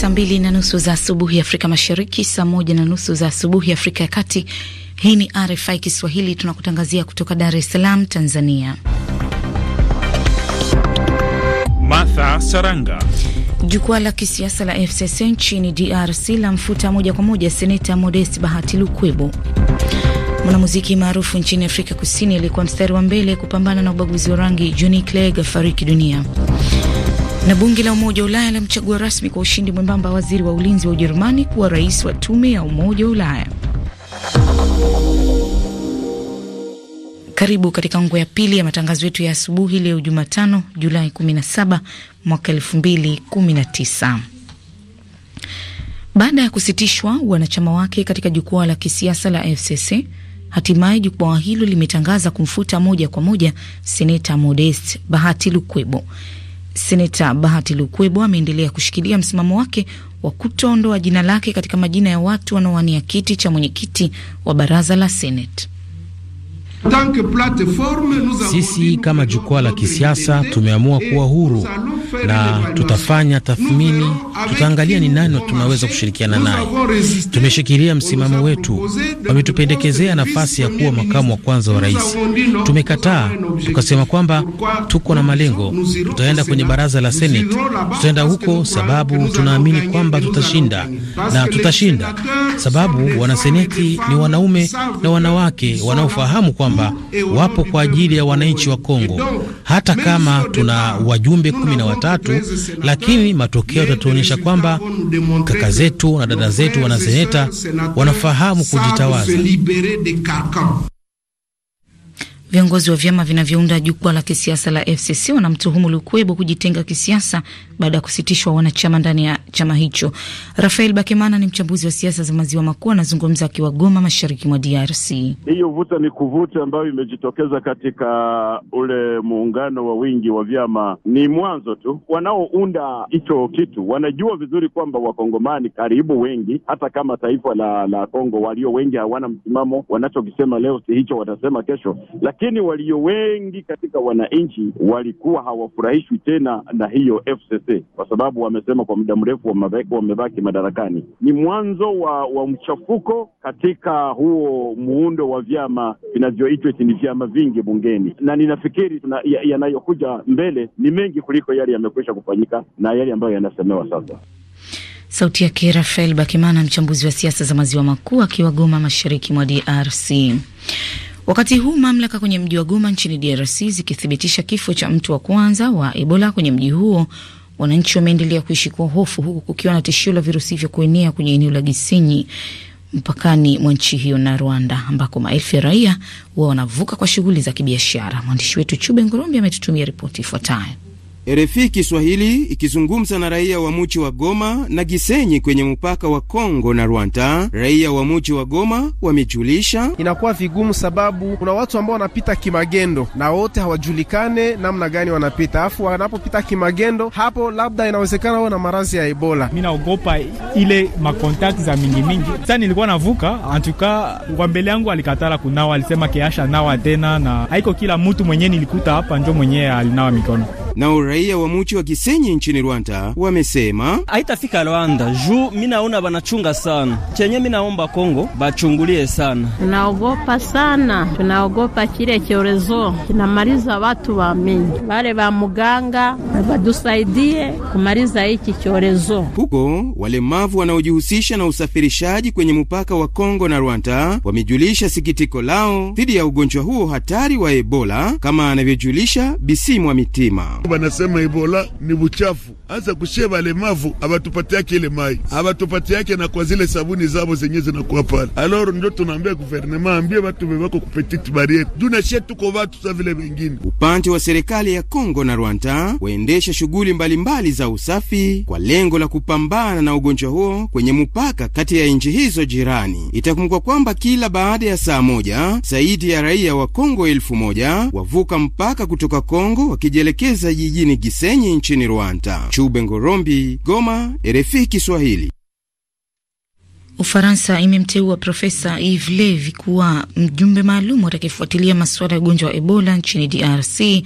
saa mbili na nusu za asubuhi Afrika Mashariki, saa moja na nusu za asubuhi Afrika ya Kati. Hii ni RFI Kiswahili, tunakutangazia kutoka Dar es Salaam, Tanzania. Martha Saranga. Jukwaa la kisiasa la FCC nchini DRC la mfuta moja kwa moja seneta Modest Bahati Lukwebo. Mwanamuziki maarufu nchini Afrika Kusini aliyekuwa mstari wa mbele kupambana na ubaguzi wa rangi Johnny Clegg afariki dunia. Na bunge la Umoja wa Ulaya lamchagua rasmi kwa ushindi mwembamba waziri wa ulinzi wa Ujerumani kuwa rais wa tume ya Umoja wa Ulaya. Karibu katika ngo ya pili ya matangazo yetu ya asubuhi leo Jumatano, Julai 17 mwaka 2019. Baada ya kusitishwa wanachama wake katika jukwaa la kisiasa la FCC, hatimaye jukwaa hilo limetangaza kumfuta moja kwa moja seneta Modest Bahati Lukwebo. Seneta Bahati Lukwebo ameendelea kushikilia msimamo wake wa kutoondoa jina lake katika majina ya watu wanaowania kiti cha mwenyekiti wa baraza la Seneti. Sisi kama jukwaa la kisiasa tumeamua kuwa huru na tutafanya tathmini, tutaangalia ni nani tunaweza kushirikiana naye. Tumeshikilia msimamo wetu. Wametupendekezea nafasi ya kuwa makamu wa kwanza wa rais, tumekataa. Tukasema kwamba tuko na malengo, tutaenda kwenye baraza la Seneti, tutaenda huko sababu tunaamini kwamba tutashinda na tutashinda, sababu wanaseneti ni wanaume na wanawake wanaofahamu kwamba wapo kwa ajili ya wananchi wa Kongo, hata kama tuna wajumbe kumi na tatu, lakini matokeo yatatuonyesha kwamba kaka zetu na dada zetu wanaseneta wanafahamu kujitawaza. Viongozi wa vyama vinavyounda jukwaa la kisiasa la FCC wanamtuhumu Lukwebo kujitenga kisiasa baada ya kusitishwa wanachama ndani ya chama hicho. Rafael Bakemana ni mchambuzi wa siasa za maziwa makuu, anazungumza akiwa Goma, mashariki mwa DRC. Hiyo vuta ni kuvuta ambayo imejitokeza katika ule muungano wa wingi wa vyama ni mwanzo tu. Wanaounda hicho kitu wanajua vizuri kwamba wakongomani karibu wengi, hata kama taifa la la Kongo walio wengi hawana msimamo. Wanachokisema leo si hicho watasema kesho, lakini lakini walio wengi katika wananchi walikuwa hawafurahishwi tena na hiyo FCC kwa sababu wamesema kwa muda mrefu wamebaki madarakani. Ni mwanzo wa, wa mchafuko katika huo muundo wa vyama vinavyoitwa ni vyama vingi bungeni, na ninafikiri yanayokuja ya mbele ni mengi kuliko yale yamekwisha kufanyika na yale ambayo yanasemewa sasa. Sauti yake Rafael Bakimana, mchambuzi wa siasa za maziwa makuu akiwa Goma, mashariki mwa DRC. Wakati huu mamlaka kwenye mji wa Goma nchini DRC zikithibitisha kifo cha mtu wa kwanza wa Ebola kwenye mji huo, wananchi wameendelea kuishi kwa hofu, huku kukiwa na tishio la virusi hivyo kuenea kwenye eneo la Gisenyi mpakani mwa nchi hiyo na Rwanda, ambako maelfu ya raia huwa wanavuka kwa shughuli za kibiashara. Mwandishi wetu Chube ngorombi ametutumia ripoti ifuatayo. RFI Kiswahili ikizungumza na raia wa muji wa Goma na Gisenyi kwenye mpaka wa Kongo na Rwanda, raia wa muji wa Goma wamejulisha inakuwa vigumu, sababu kuna watu ambao wanapita kimagendo na wote hawajulikane namna gani wanapita, afu wanapopita kimagendo hapo, labda inawezekana wao na marazi ya Ebola. Mi naogopa ile makontakti za mingimingi. Sasa nilikuwa navuka antuka, kwa mbele yangu alikatala kunawa, alisema keasha nawa tena, na haiko kila mtu mwenyewe nilikuta hapa njo mwenyewe alinawa mikono na uraia wa muchi wa Kisenyi nchini Rwanda wamesema haitafika Rwanda juu mi naona banachunga sana. Chenye mi naomba Kongo bachungulie sana, tunaogopa sana, tunaogopa kile kiorezo kinamaliza watu wa mingi. Wale ba muganga badusaidie kumaliza hiki kiorezo. Huko walemavu wanaojihusisha na usafirishaji kwenye mpaka wa Kongo na Rwanda wamejulisha sikitiko lao dhidi ya ugonjwa huo hatari wa Ebola, kama anavyojulisha Bisimwa Mitima. Banasema ibola ni buchafu, hasa kushie balemavu abatupatiake ile mai abatupatiake na kwa zile sabuni zabo zenye zinakuwa pale. Alors ndio tunaambia guvernema ambie batu bebako kupetite bariere junashie tuko watu sa vile bengine. Upande wa serikali ya Kongo na Rwanda waendesha shughuli mbalimbali za usafi kwa lengo la kupambana na ugonjwa huo kwenye mupaka kati ya nchi hizo jirani. Itakumbukwa kwamba kila baada ya saa moja zaidi ya raia wa Kongo elfu moja wavuka mpaka kutoka Kongo wakijielekeza jijini Gisenyi nchini Rwanda. Chube Ngorombi, Goma, RFI Kiswahili. Ufaransa imemteua Profesa Yves Levi kuwa mjumbe maalum atakayefuatilia masuala ya ugonjwa wa Ebola nchini DRC,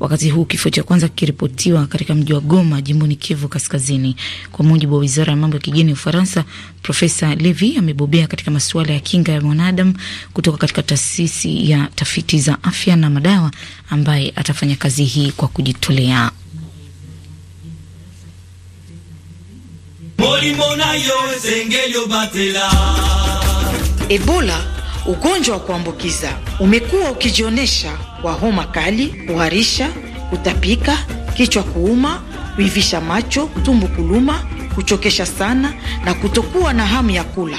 wakati huu kifo cha kwanza kikiripotiwa katika mji wa Goma, jimboni Kivu Kaskazini. Kwa mujibu wa wizara ya mambo ya kigeni ya Ufaransa, Profesa Levi amebobea katika masuala ya kinga ya mwanadamu kutoka katika taasisi ya tafiti za afya na madawa, ambaye atafanya kazi hii kwa kujitolea. Ebola, ugonjwa wa kuambukiza, umekuwa ukijionyesha kwa homa kali, kuharisha, kutapika, kichwa kuuma, kuivisha macho, tumbo kuluma, kuchokesha sana na kutokuwa na hamu ya kula.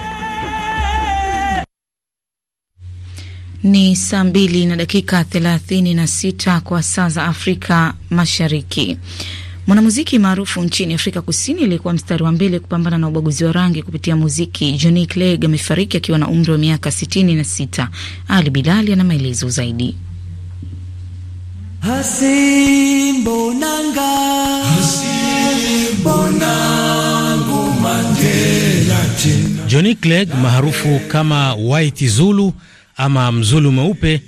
Ni saa mbili na dakika thelathini na sita kwa saa za Afrika Mashariki. Mwanamuziki maarufu nchini Afrika Kusini aliyekuwa mstari wa mbele kupambana na ubaguzi wa rangi kupitia muziki, Johnny Clegg amefariki akiwa na umri wa miaka sitini na sita. Ali Bilali ana maelezo zaidi. Hasimbonanga, hasimbonangu Mandela Johnny Clegg maarufu kama White Zulu ama mzulu mweupe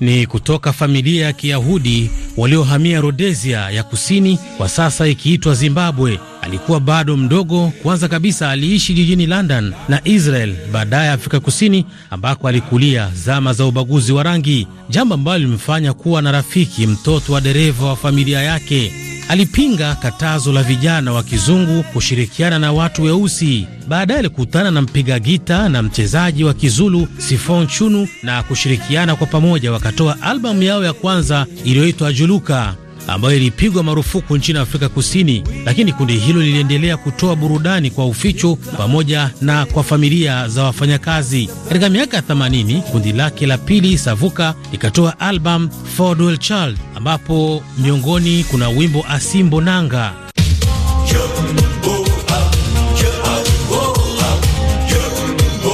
ni kutoka familia ya Kiyahudi waliohamia Rhodesia ya kusini, kwa sasa ikiitwa Zimbabwe. Alikuwa bado mdogo. Kwanza kabisa aliishi jijini London na Israel, baadaye Afrika Kusini ambako alikulia zama za ubaguzi wa rangi, jambo ambalo limefanya kuwa na rafiki, mtoto wa dereva wa familia yake. Alipinga katazo la vijana wa kizungu kushirikiana na watu weusi. Baadaye alikutana na mpiga gita na mchezaji wa Kizulu Sifon Chunu na kushirikiana kwa pamoja wakatoa albamu yao ya kwanza iliyoitwa Juluka ambayo ilipigwa marufuku nchini Afrika Kusini, lakini kundi hilo liliendelea kutoa burudani kwa uficho pamoja na kwa familia za wafanyakazi. Katika miaka ya 80 kundi lake la pili Savuka likatoa album For Dual Child, ambapo miongoni kuna wimbo Asimbo Nanga.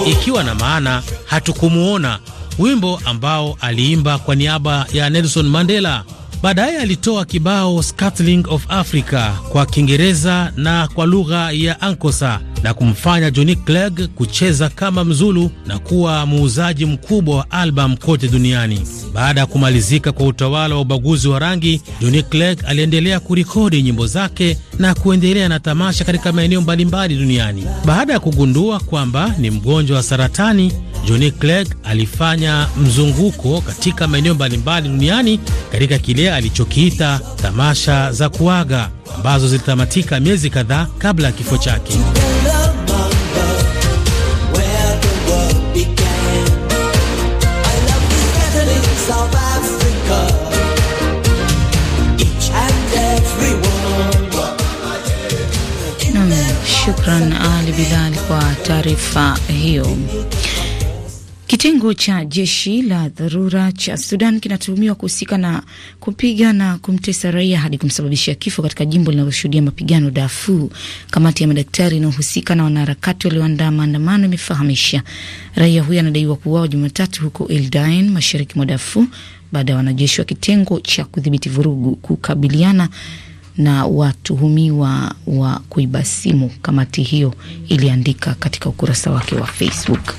ikiwa na maana hatukumuona, wimbo ambao aliimba kwa niaba ya Nelson Mandela. Baadaye alitoa kibao scatling of Africa kwa Kiingereza na kwa lugha ya Ankosa na kumfanya Johnny Clegg kucheza kama mzulu na kuwa muuzaji mkubwa wa albamu kote duniani. Baada ya kumalizika kwa utawala wa ubaguzi wa rangi, Johnny Clegg aliendelea kurekodi nyimbo zake na kuendelea na tamasha katika maeneo mbalimbali duniani. Baada ya kugundua kwamba ni mgonjwa wa saratani, Johnny Clegg alifanya mzunguko katika maeneo mbalimbali duniani katika kile alichokiita tamasha za kuaga ambazo zilitamatika miezi kadhaa kabla ya kifo chake. Shukran Ali Bilal kwa taarifa hiyo. Kitengo cha jeshi la dharura cha Sudan kinatuhumiwa kuhusika na kupiga na kumtesa raia hadi kumsababishia kifo katika jimbo linaloshuhudia mapigano Dafu. Kamati ya madaktari inayohusika na wanaharakati walioandaa maandamano imefahamisha raia huyo anadaiwa kuuawa Jumatatu huko Eldain, mashariki mwa Dafu, baada ya wanajeshi wa kitengo cha kudhibiti vurugu kukabiliana na watuhumiwa wa kuiba simu, kamati hiyo iliandika katika ukurasa wake wa Facebook.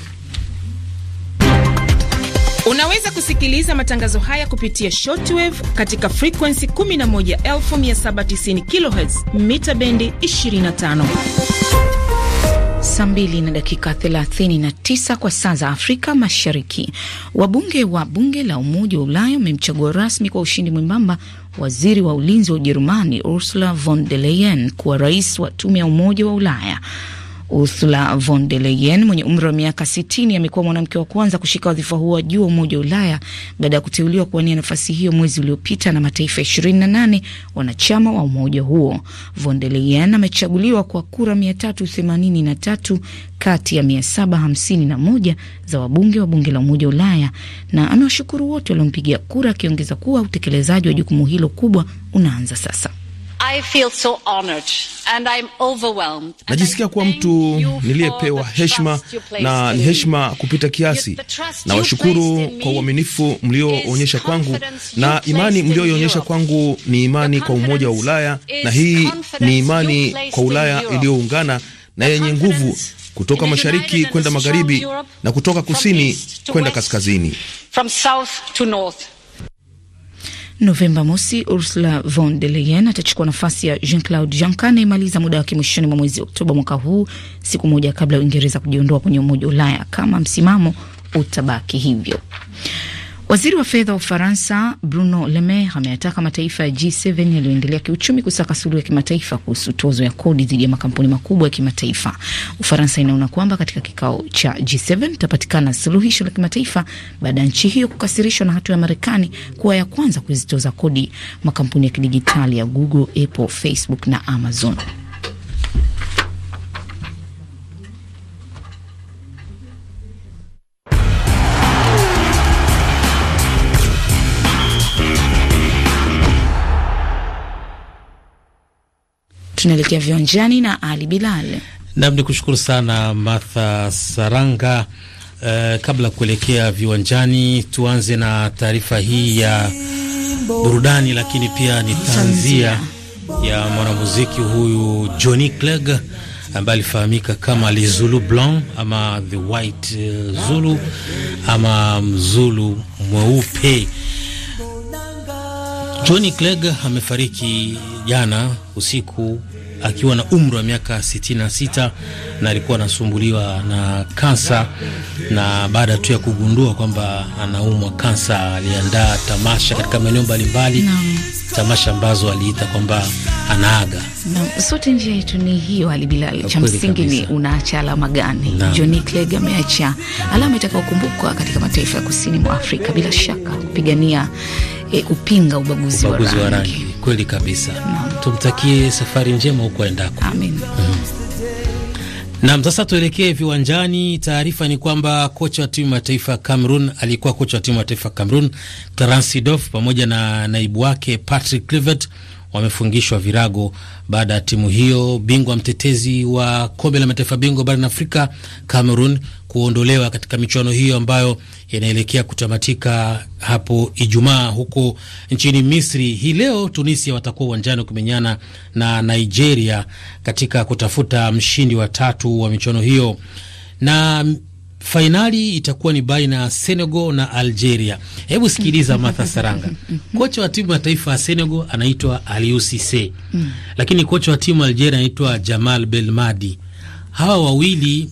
Unaweza kusikiliza matangazo haya kupitia shortwave katika frequency 11790 kHz mita bendi 25 saa 2 na dakika 39 kwa saa za Afrika Mashariki. Wabunge wa bunge la Umoja wa Ulaya wamemchagua rasmi kwa ushindi mwembamba waziri wa ulinzi wa Ujerumani Ursula von der Leyen kuwa rais wa tume ya Umoja wa Ulaya. Ursula von der Leyen mwenye umri wa miaka 60 amekuwa mwanamke wa kwanza kushika wadhifa huo wa juu wa Umoja wa Ulaya baada ya kuteuliwa kuwania nafasi hiyo mwezi uliopita na mataifa 28 wanachama wa umoja huo. Von der Leyen amechaguliwa kwa kura 383 kati ya 751 za wabunge wa bunge la Umoja wa Ulaya na amewashukuru wote waliompigia kura, akiongeza kuwa utekelezaji wa jukumu hilo kubwa unaanza sasa. Najisikia kuwa mtu niliyepewa heshima na ni heshima kupita kiasi. Nawashukuru kwa uaminifu mlioonyesha kwangu na imani mlioonyesha kwangu. Ni imani kwa umoja wa Ulaya, na hii ni imani kwa Ulaya iliyoungana na yenye nguvu, kutoka mashariki kwenda magharibi na kutoka kusini kwenda kaskazini, from south to north. Novemba mosi, Ursula von der Leyen atachukua nafasi ya Jean Claude Juncker anayemaliza muda wake mwishoni mwa mwezi Oktoba mwaka huu, siku moja kabla ya Uingereza kujiondoa kwenye Umoja wa Ulaya, kama msimamo utabaki hivyo. Waziri wa fedha wa Ufaransa Bruno Le Maire ameyataka mataifa ya G7 yaliyoendelea kiuchumi kusaka suluhu ya kimataifa kuhusu tozo ya kodi dhidi ya makampuni makubwa ya kimataifa. Ufaransa inaona kwamba katika kikao cha G7 itapatikana suluhisho la kimataifa baada ya nchi hiyo kukasirishwa na hatua ya Marekani kuwa ya kwanza kuzitoza kodi makampuni ya kidijitali ya Google, Apple, Facebook na Amazon. Tunaelekea viwanjani na Ali Bilal. Nam ni kushukuru sana Martha Saranga. Uh, kabla ya kuelekea viwanjani, tuanze na taarifa hii ya burudani, lakini pia ni tanzia ya mwanamuziki huyu Johnny Clegg ambaye alifahamika kama Zulu Blanc ama the white Zulu ama mzulu mweupe. Johnny Clegg amefariki jana usiku akiwa na umri wa miaka 66 na alikuwa anasumbuliwa na kansa, na baada tu ya kugundua kwamba anaumwa kansa aliandaa tamasha katika maeneo mbalimbali, tamasha ambazo aliita kwamba anaaga. Na sote njia yetu ni hiyo, Ali Bilal, cha msingi ni unaacha alama gani? Johnny Clegg ameacha alama itakayokumbukwa katika mataifa ya kusini mwa Afrika, bila shaka kupigania e, eh, kupinga ubaguzi, ubaguzi wa rangi. Kweli kabisa na tumtakie safari njema huko endako. Amin. Mhm. Nam, sasa tuelekee viwanjani. Taarifa ni kwamba kocha wa timu ya taifa ya Cameroon, aliyekuwa kocha wa timu ya taifa ya Cameroon Clarence Seedorf pamoja na naibu wake Patrick Kluivert wamefungishwa virago baada ya timu hiyo bingwa mtetezi wa kombe la mataifa bingwa barani Afrika Cameroon kuondolewa katika michuano hiyo ambayo inaelekea kutamatika hapo Ijumaa huko nchini Misri. Hii leo Tunisia watakuwa uwanjani kumenyana na Nigeria katika kutafuta mshindi wa tatu wa michuano hiyo na fainali itakuwa ni baina ya Senegal na Algeria. Hebu sikiliza Martha Saranga, kocha wa timu ya taifa ya Senegal anaitwa Aliou Cisse, mm. lakini kocha wa timu ya Algeria anaitwa Jamal Belmadi. Hawa wawili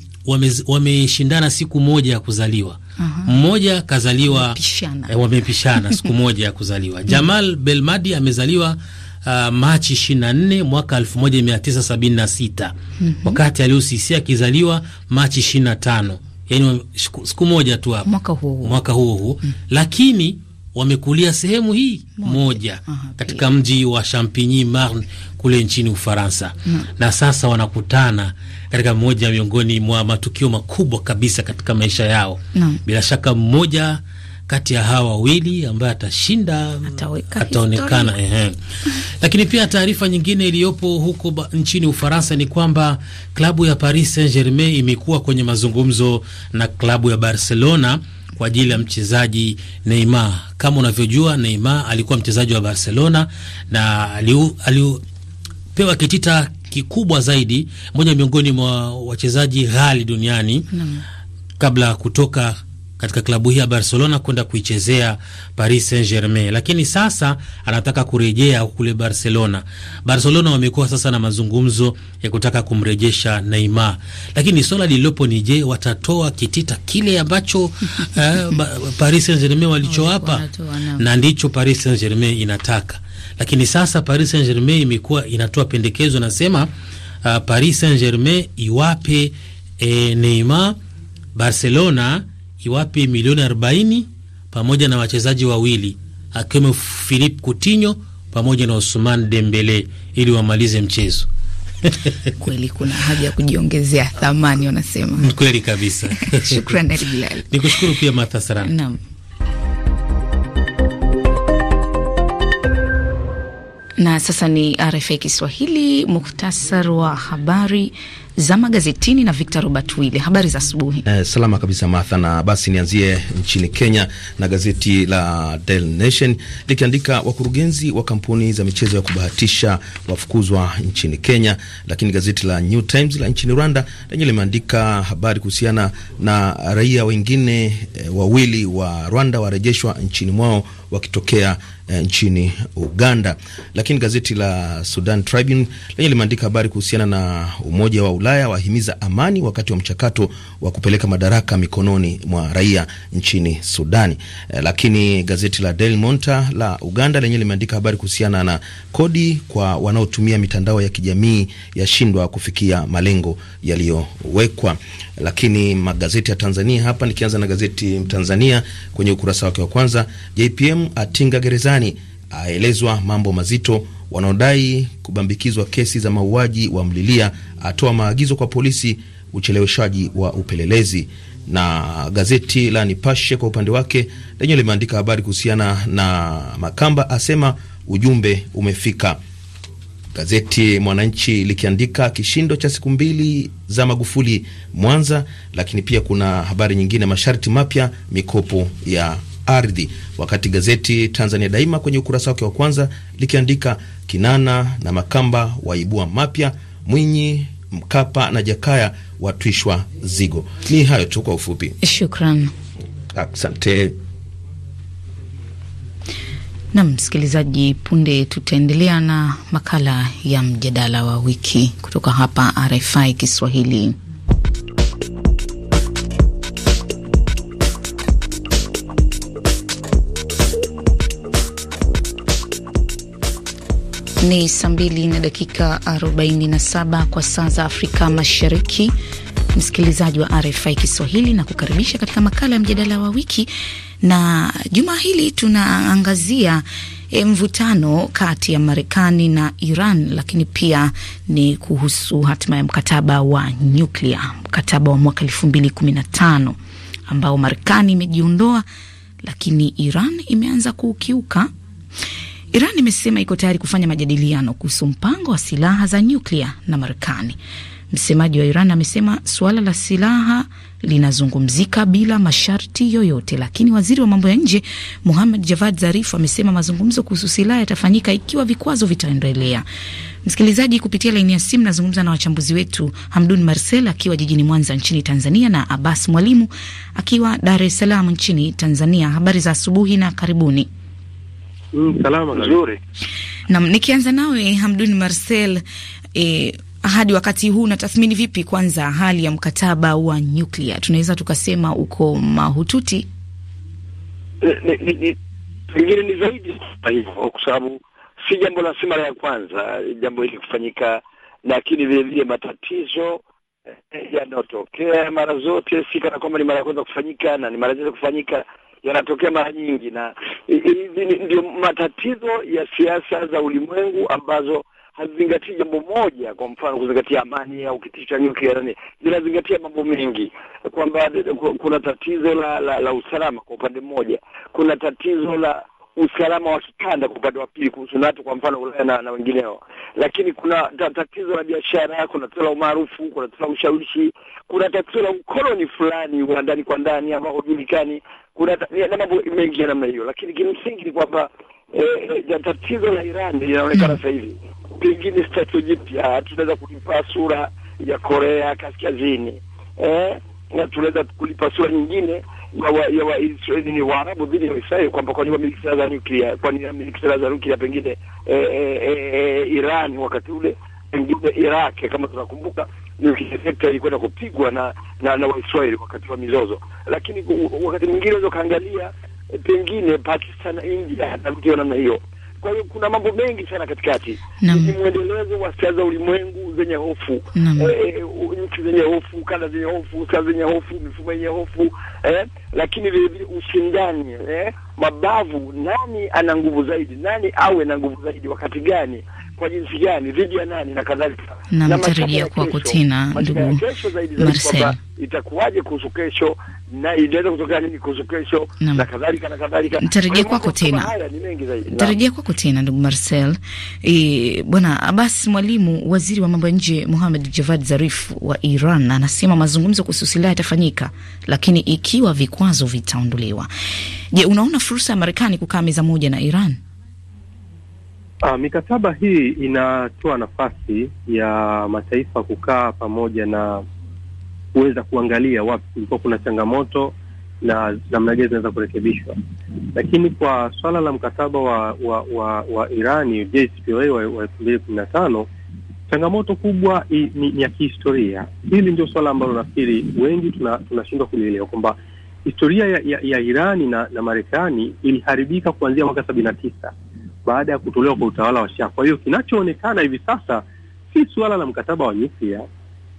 wameshindana wame siku moja ya kuzaliwa. Aha. Mmoja kazaliwa wamepishana, eh, wamepishana siku moja ya kuzaliwa. Mm. Jamal Belmadi amezaliwa uh, Machi 24 mwaka 1976 mhm. wakati aliusisi akizaliwa Machi 25 yani siku moja tu hapo mwaka huo huo, mwaka huo, huo. Mm. Lakini wamekulia sehemu hii moja, moja Aha, katika mji wa Champigny Marne kule nchini Ufaransa mm. Na sasa wanakutana katika mmoja miongoni mwa matukio makubwa kabisa katika maisha yao mm. Bila shaka mmoja kati ya hawa wawili ambaye atashinda ataonekana Lakini pia taarifa nyingine iliyopo huko ba, nchini Ufaransa ni kwamba klabu ya Paris Saint-Germain imekuwa kwenye mazungumzo na klabu ya Barcelona kwa ajili ya mchezaji Neymar. Kama unavyojua, Neymar alikuwa mchezaji wa Barcelona na alipewa kitita kikubwa zaidi, moja miongoni mwa wachezaji ghali duniani mm. kabla ya kutoka katika klabu hii ya Barcelona kwenda kuichezea Paris Saint-Germain, lakini sasa anataka kurejea kule Barcelona. Barcelona wamekuwa sasa na mazungumzo ya kutaka kumrejesha Neymar, lakini swala lililopo ni je, watatoa kitita kile ambacho uh, Paris Saint-Germain walichowapa? Na ndicho Paris Saint-Germain inataka, lakini sasa Paris Saint-Germain imekuwa inatoa pendekezo, nasema uh, Paris Saint-Germain iwape eh, Neymar Barcelona Kiwapi milioni 40 pamoja na wachezaji wawili akiwemo Philippe Coutinho pamoja na Osman Dembele ili wamalize mchezo. Kweli kuna haja ya kujiongezea thamani wanasema. Kweli kabisa. Shukrani Bilal. Nikushukuru pia Martha Saranga. Naam. Na sasa ni RFI Kiswahili, muhtasari wa habari za magazetini na Victor Robert Wile. Habari za asubuhi. Eh, salama kabisa Martha, na basi nianzie nchini Kenya na gazeti la Daily Nation likiandika wakurugenzi wa kampuni za michezo ya kubahatisha wafukuzwa nchini Kenya, lakini gazeti la New Times la nchini Rwanda lenye limeandika habari kuhusiana na raia wengine eh, wawili wa Rwanda warejeshwa nchini mwao wakitokea e, nchini Uganda, lakini gazeti la Sudan Tribune lenye limeandika habari kuhusiana na umoja wa Ulaya wahimiza amani wakati wa mchakato wa kupeleka madaraka mikononi mwa raia nchini Sudani. E, lakini gazeti la Daily Monitor la Uganda lenyewe limeandika habari kuhusiana na kodi kwa wanaotumia mitandao ya kijamii yashindwa kufikia malengo yaliyowekwa. Lakini magazeti ya Tanzania hapa, nikianza na gazeti Mtanzania kwenye ukurasa wake wa kwanza, JPM atinga gerezani aelezwa mambo mazito. Wanaodai kubambikizwa kesi za mauaji wa mlilia, atoa maagizo kwa polisi ucheleweshaji wa upelelezi. Na gazeti la Nipashe kwa upande wake lenyewe limeandika habari kuhusiana na Makamba asema ujumbe umefika. Gazeti Mwananchi likiandika kishindo cha siku mbili za Magufuli Mwanza, lakini pia kuna habari nyingine, masharti mapya mikopo ya ardhi, wakati gazeti Tanzania Daima kwenye ukurasa wake wa kwanza likiandika Kinana na Makamba waibua mapya, Mwinyi, Mkapa na Jakaya watwishwa zigo. Ni hayo tu kwa ufupi, shukran, asante. Na msikilizaji, punde tutaendelea na makala ya mjadala wa wiki kutoka hapa RFI Kiswahili. Ni saa mbili na dakika 47 kwa saa za Afrika Mashariki. Msikilizaji wa RFI Kiswahili na kukaribisha katika makala ya mjadala wa wiki, na juma hili tunaangazia eh, mvutano kati ya Marekani na Iran, lakini pia ni kuhusu hatima ya mkataba wa nyuklia, mkataba wa mwaka elfu mbili kumi na tano ambao Marekani imejiondoa, lakini Iran imeanza kuukiuka Iran imesema iko tayari kufanya majadiliano kuhusu mpango wa silaha za nyuklia na Marekani. Msemaji wa Iran amesema suala la silaha linazungumzika bila masharti yoyote, lakini waziri wa mambo ya nje Muhammad Javad Zarif amesema mazungumzo kuhusu silaha yatafanyika ikiwa vikwazo vitaendelea. Msikilizaji, kupitia laini ya simu nazungumza na wachambuzi wetu Hamdun Marsel akiwa jijini Mwanza nchini Tanzania na Abbas Mwalimu akiwa Dar es Salaam nchini Tanzania. Habari za asubuhi na karibuni. Mm, salama nzuri. Naam, nikianza nawe Hamdun Marcel, eh, hadi wakati huu unatathmini vipi kwanza hali ya mkataba wa nyuklia? Tunaweza tukasema uko mahututi? Eh, pengine ni zaidi hivyo, kwa sababu si jambo la si mara ya kwanza jambo hili kufanyika, lakini vile vile matatizo eh, yanayotokea mara zote si kana kwamba ni mara ya kwanza kufanyika, na ni mara zote kufanyika yanatokea mara nyingi, na hivi ndio matatizo ya siasa za ulimwengu ambazo hazizingatii jambo moja. Kwa mfano, kuzingatia amani au kitisho cha nyuklia nani, zinazingatia mambo mengi, kwamba kuna tatizo la, la, la usalama kwa upande mmoja, kuna tatizo la usalama wa kikanda kwa upande wa pili kuhusu NATO kwa mfano Ulaya na, na wengineo, lakini kuna tatizo la biashara, kuna tatizo la umaarufu, kuna tatizo la ushawishi, kuna tatizo la ukoloni fulani wa ndani kwa ndani ambao hujulikani, kuna na mambo mengi ya namna hiyo, lakini kimsingi ni kwamba eh, tatizo la Iran linaonekana sasa hivi pengine stato jipya tunaweza kulipa sura ya Korea Kaskazini eh, na tunaweza kulipa sura nyingine wa Israeli eh, ni Waarabu dhidi ya Waisraeli kwamba kwani wamiliki silaha za nuclear, kwani wamiliki silaha za nuclear pengine e, e, e, Iran wakati ule pengine Iraq kama tunakumbuka sekta sector ilikwenda kupigwa na na, na Waisraeli wakati wa mizozo, lakini wakati mwingine unaweza kaangalia eh, pengine Pakistan na India na vitu namna hiyo kwa hiyo kuna mambo mengi sana katikati, ni mwendelezo wa siasa za ulimwengu zenye hofu, eh, eh, nchi zenye hofu, kanda zenye hofu, siasa zenye hofu, mifumo yenye hofu eh, lakini vile vile ushindani eh, mabavu, nani ana nguvu zaidi, nani awe na nguvu zaidi, wakati gani kwa jinsi gani, dhidi ya nani na kadhalika. Na mtarajia kwako tena, ndugu Marcel, itakuwaje kuhusu kesho na inaweza kutokea nini kuhusu kesho na kadhalika na kadhalika. Mtarajia kwako tena, mtarajia kwako tena ndugu Marcel. E, bwana Abbas Mwalimu, waziri wa mambo ya nje Mohamed Javad Zarif wa Iran anasema mazungumzo kuhusu silaha yatafanyika, lakini ikiwa vikwazo vitaondolewa. Je, unaona fursa ya Marekani kukaa meza moja na Iran? Uh, mikataba hii inatoa nafasi ya mataifa kukaa pamoja na kuweza kuangalia wapi kulikuwa kuna changamoto na namna gani zinaweza kurekebishwa. Lakini kwa swala la mkataba wa wa wa, wa Irani JCPOA wa elfu mbili kumi na tano changamoto kubwa i, ni, ni ya kihistoria. Hili ndio swala ambalo nafikiri wengi tunashindwa tuna kulielewa kwamba historia ya, ya, ya Irani na, na Marekani iliharibika kuanzia mwaka sabini na tisa baada ya kutolewa kwa utawala wa Shah. Kwa hiyo kinachoonekana hivi sasa si suala la mkataba wa nyuklia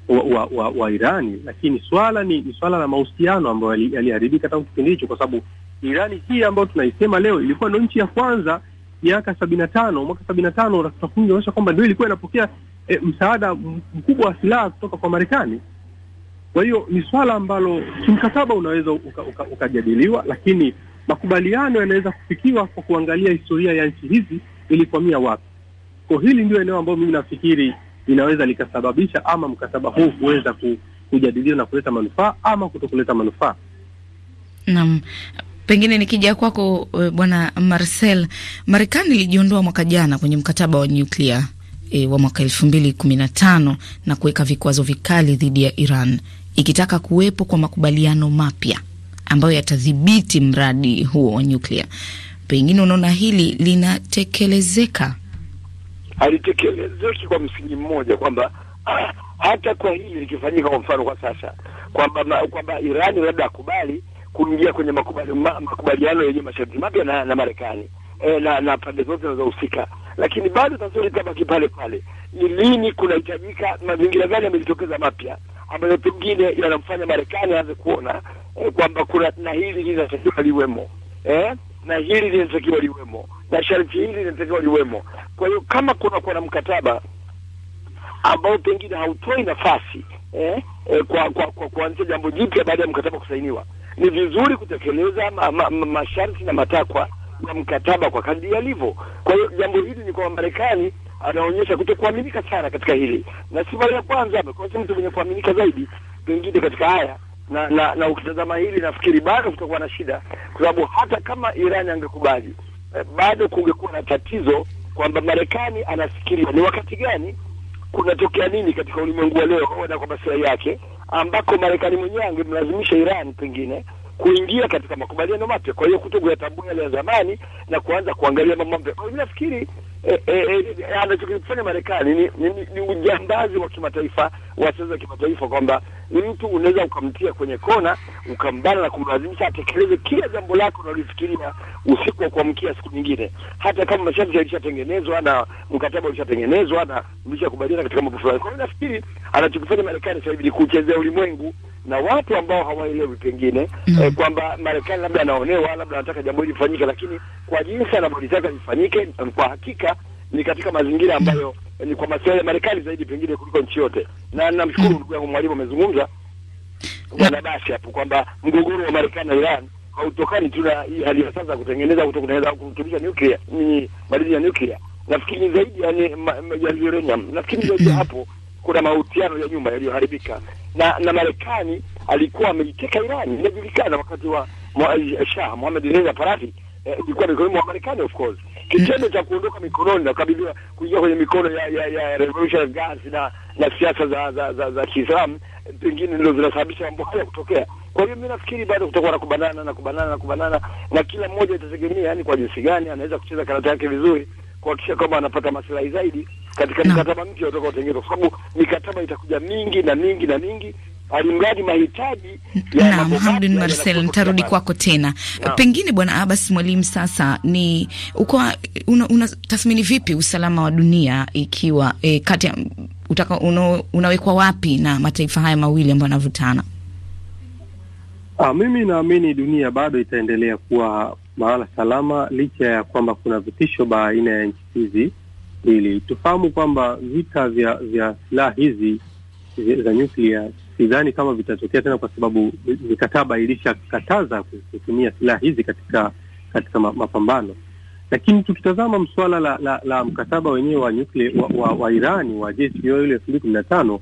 wa, wa, wa, wa Irani, lakini swala ni, ni swala la mahusiano ambayo yaliharibika tangu kipindi hicho, kwa sababu Irani hii ambayo tunaisema leo ilikuwa ndio nchi ya kwanza miaka sabini na tano mwaka sabini na tano takwimu kwamba ndio ilikuwa inapokea e, msaada mkubwa wa silaha kutoka kwa Marekani. Kwa hiyo ni swala ambalo kimkataba unaweza ukajadiliwa uka, uka, lakini makubaliano yanaweza kufikiwa kwa kuangalia historia ya nchi hizi ilikwamia wapi. Kwa hili ndio eneo ambayo mimi nafikiri inaweza likasababisha ama mkataba huu kuweza kujadiliwa na kuleta manufaa ama kutokuleta manufaa. Naam. Pengine nikija kwako eh, Bwana Marcel, Marekani ilijiondoa mwaka jana kwenye mkataba wa nyuklia e, wa mwaka elfu mbili kumi na tano na kuweka vikwazo vikali dhidi ya Iran ikitaka kuwepo kwa makubaliano mapya ambayo yatadhibiti mradi huo wa nyuklia. Pengine unaona hili linatekelezeka? Halitekelezeki kwa msingi mmoja kwamba hata kwa hili likifanyika, kwa mfano kwa sasa, kwamba kwamba Irani labda akubali kuingia kwenye makubaliano yenye masharti mapya na, na Marekani e, na, na pande zote zinazohusika, lakini bado tatizo litabaki pale pale. Ni lini kunahitajika, mazingira gani yamejitokeza mapya? ambayo pengine yanamfanya Marekani aanze kuona eh, kwamba kuna na hili linatakiwa liwemo eh, na hili linatakiwa liwemo na sharti hili linatakiwa liwemo. Kwa hiyo kama kunakuwa na mkataba ambao pengine hautoi nafasi eh, eh, kwa kwa kwa kuanzisha jambo jipya baada ya mkataba kusainiwa, ni vizuri kutekeleza ma, ma, ma, masharti na matakwa ya mkataba kwa kadri yalivyo. Kwa hiyo jambo hili ni kwa Marekani anaonyesha kutokuaminika sana katika hili, na si mara ya kwanza amekuwa mtu mwenye kuaminika zaidi pengine katika haya na na, na ukitazama hili nafikiri bado kutakuwa na shida, kwa sababu hata kama Irani angekubali eh, bado kungekuwa na tatizo kwamba Marekani anafikiria ni wakati gani, kunatokea nini katika ulimwengu wa leo na kwa masilahi yake, ambako Marekani mwenyewe angemlazimisha Irani pengine kuingia katika makubaliano mapya, kwa hiyo kuto kuyatambua yale ya zamani na kuanza kuangalia mambo mapya. Kwa hiyo nafikiri Eh, eh, eh, anachokifanya Marekani ni, ujambazi wa kimataifa wa kimataifa kwamba ni mtu unaweza ukamtia kwenye kona ukambana na kumlazimisha atekeleze kila jambo lako unalofikiria usiku wa kuamkia siku nyingine, hata kama masharti yalishatengenezwa na mkataba ulishatengenezwa na mlishakubaliana katika mambo fulani. Kwa hiyo nafikiri anachokifanya Marekani sasa hivi ni kuchezea ulimwengu na watu ambao hawaelewi pengine mm. eh, kwamba Marekani labda anaonewa, labda anataka jambo hili lifanyike, lakini kwa jinsi anavyolitaka lifanyike, kwa hakika ni katika mazingira ambayo mm ni kwa masuala ya Marekani zaidi pengine kuliko nchi yote, na namshukuru mm. ndugu yangu mwalimu amezungumza bwana basi hapo kwamba mgogoro wa Marekani na Iran hautokani tu na hii hali ya sasa kutengeneza au kutengeneza au kurekebisha nuclear ni madini ya nuclear, nafikiri zaidi ya ya uranium, nafikiri zaidi mm. hapo kuna mahusiano ya nyuma yaliyoharibika na na Marekani alikuwa ameiteka Iran, inajulikana wakati wa Shah Mohamed Reza Pahlavi eh, ilikuwa eh, mikononi mwa Marekani of course kitendo cha kuondoka mikononi na kukabidhiwa kuingia kwenye mikono ya ya, ya Revolutionary Guards na na siasa za za za, za Kiislamu pengine ndio zinasababisha mambo haya kutokea. Kwa hiyo mimi nafikiri bado kutakuwa na kubanana na kubanana na kubanana, na kila mmoja itategemea, yani kwa jinsi gani anaweza kucheza karata yake vizuri kuhakikisha kwamba anapata maslahi zaidi katika no. mikataba mpya utakaotengenezwa, kwa sababu mikataba itakuja mingi na mingi na mingi alimradi mahitaji. ya Hamdun Marcel, nitarudi kwako tena na. Pengine Bwana Abbas Mwalimu, sasa ni uko unatathmini una vipi usalama wa dunia ikiwa e, kati utaka uno, unawekwa wapi na mataifa haya mawili ambayo yanavutana? Ah, mimi naamini dunia bado itaendelea kuwa mahala salama licha ya kwamba kuna vitisho baina ya nchi hizi mbili. Tufahamu kwamba vita vya, vya silaha hizi za nyuklia sidhani kama vitatokea tena, kwa sababu mikataba ilishakataza kutumia silaha hizi katika katika mapambano. Lakini tukitazama msuala la, la, la mkataba wenyewe wa nyuklia wa, wa, wa Irani wa JCPOA ile elfu mbili kumi na tano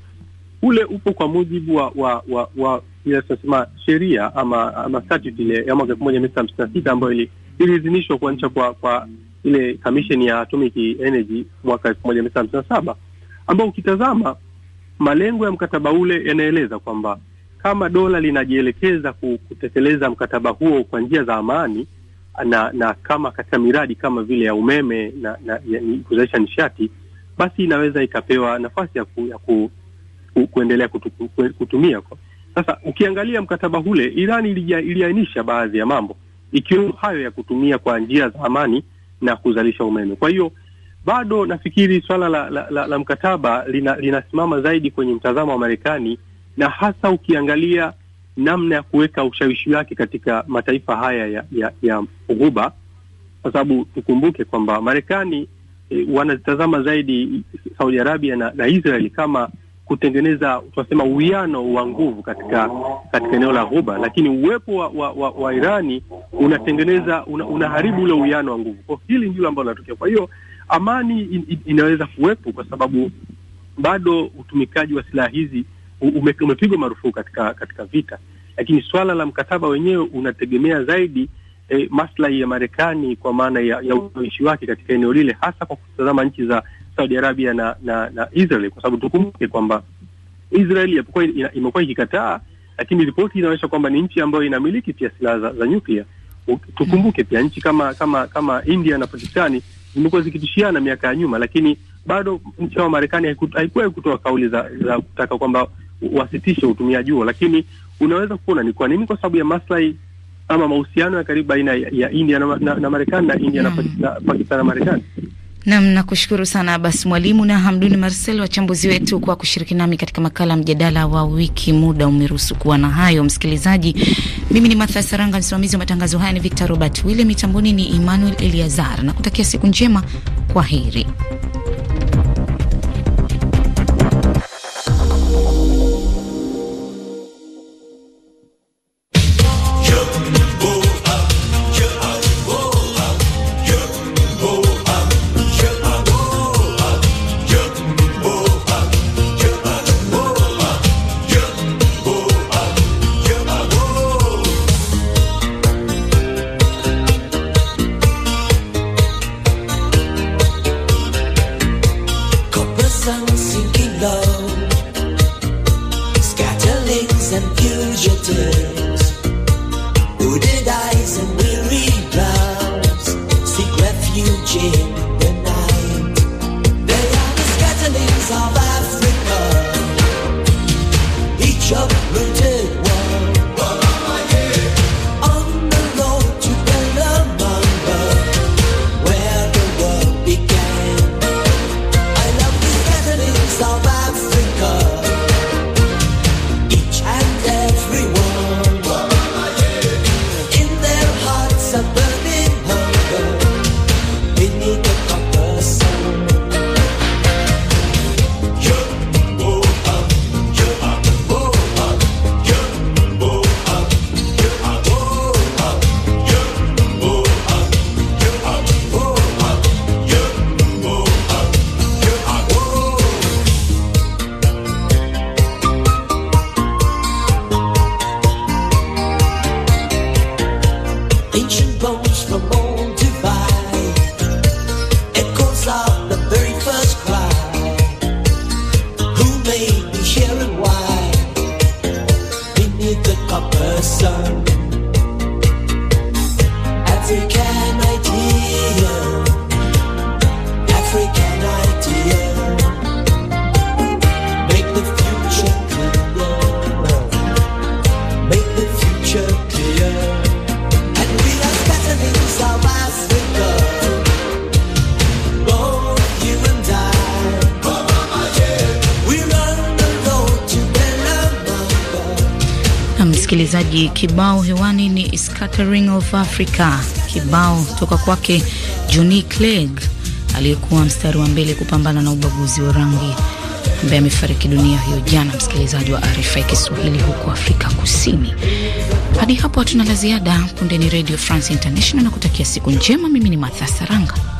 ule upo kwa mujibu wa wa wa, wa ile tunasema sheria ama ama statute ile ya mwaka elfu moja mia tisa hamsini na sita ambayo iliidhinishwa kuanisha kwa kwa ile kamisheni ya Atomic Energy mwaka elfu moja mia tisa hamsini na saba ambao ukitazama Malengo ya mkataba ule yanaeleza kwamba kama dola linajielekeza kutekeleza mkataba huo kwa njia za amani na, na kama katika miradi kama vile ya umeme na, na kuzalisha nishati, basi inaweza ikapewa nafasi ya, ku, ya ku, ku, kuendelea kutu, ku, kutumia kwa. Sasa ukiangalia mkataba ule, Irani iliainisha baadhi ya mambo ikiwemo hayo ya kutumia kwa njia za amani na kuzalisha umeme. Kwa hiyo bado nafikiri swala la, la, la, la mkataba lina, linasimama zaidi kwenye mtazamo wa Marekani na hasa ukiangalia namna ya kuweka ushawishi wake katika mataifa haya ya, ya, ya Ghuba, kwa sababu tukumbuke kwamba Marekani e, wanazitazama zaidi Saudi Arabia na, na Israeli kama kutengeneza tunasema uwiano wa nguvu katika katika eneo la Ghuba, lakini uwepo wa, wa, wa, wa Irani unatengeneza una, unaharibu ule uwiano wa nguvu. Kwa hili ndilo ambalo linatokea. Kwa hiyo amani in, inaweza kuwepo kwa sababu bado utumikaji wa silaha hizi umepigwa marufuku katika katika vita, lakini swala la mkataba wenyewe unategemea zaidi eh, maslahi ya Marekani kwa maana ya, ya ushawishi wake katika eneo lile, hasa kwa kutazama nchi za Saudi Arabia na, na, na Israel kwa sababu tukumbuke kwamba Israel imekuwa ikikataa, lakini ripoti inaonyesha kwamba ni nchi ambayo inamiliki pia silaha za, za nyuklia. Tukumbuke pia nchi kama kama kama India na Pakistani zimekuwa zikitishiana miaka ya nyuma, lakini bado nchi kama Marekani haikuwahi kutoa kauli za, za kutaka kwamba wasitishe utumiaji huo, lakini unaweza kuona ni kwa nini, kwa sababu ya maslahi ama mahusiano ya karibu baina ya India na, na, na Marekani na India na hmm. Pakistan na Marekani. Nam, nakushukuru sana Abas Mwalimu na Hamduni Marcel, wachambuzi wetu, kwa kushiriki nami katika makala mjadala wa wiki. Muda umeruhusu kuwa na hayo, msikilizaji. Mimi ni Matha Saranga, msimamizi wa matangazo haya ni Victor Robert Wille, mitamboni ni Emmanuel Eliazar na kutakia siku njema. Kwa heri. A person. msikilizaji. Kibao hewani ni Scattering of Africa, kibao toka kwake Johnny Clegg aliyekuwa mstari wa mbele kupambana na ubaguzi wa rangi, ambaye amefariki dunia hiyo jana, msikilizaji wa arifa ya Kiswahili huko Afrika Kusini. Hadi hapo hatuna la ziada. Punde ni Radio France International na kutakia siku njema. Mimi ni Martha Saranga.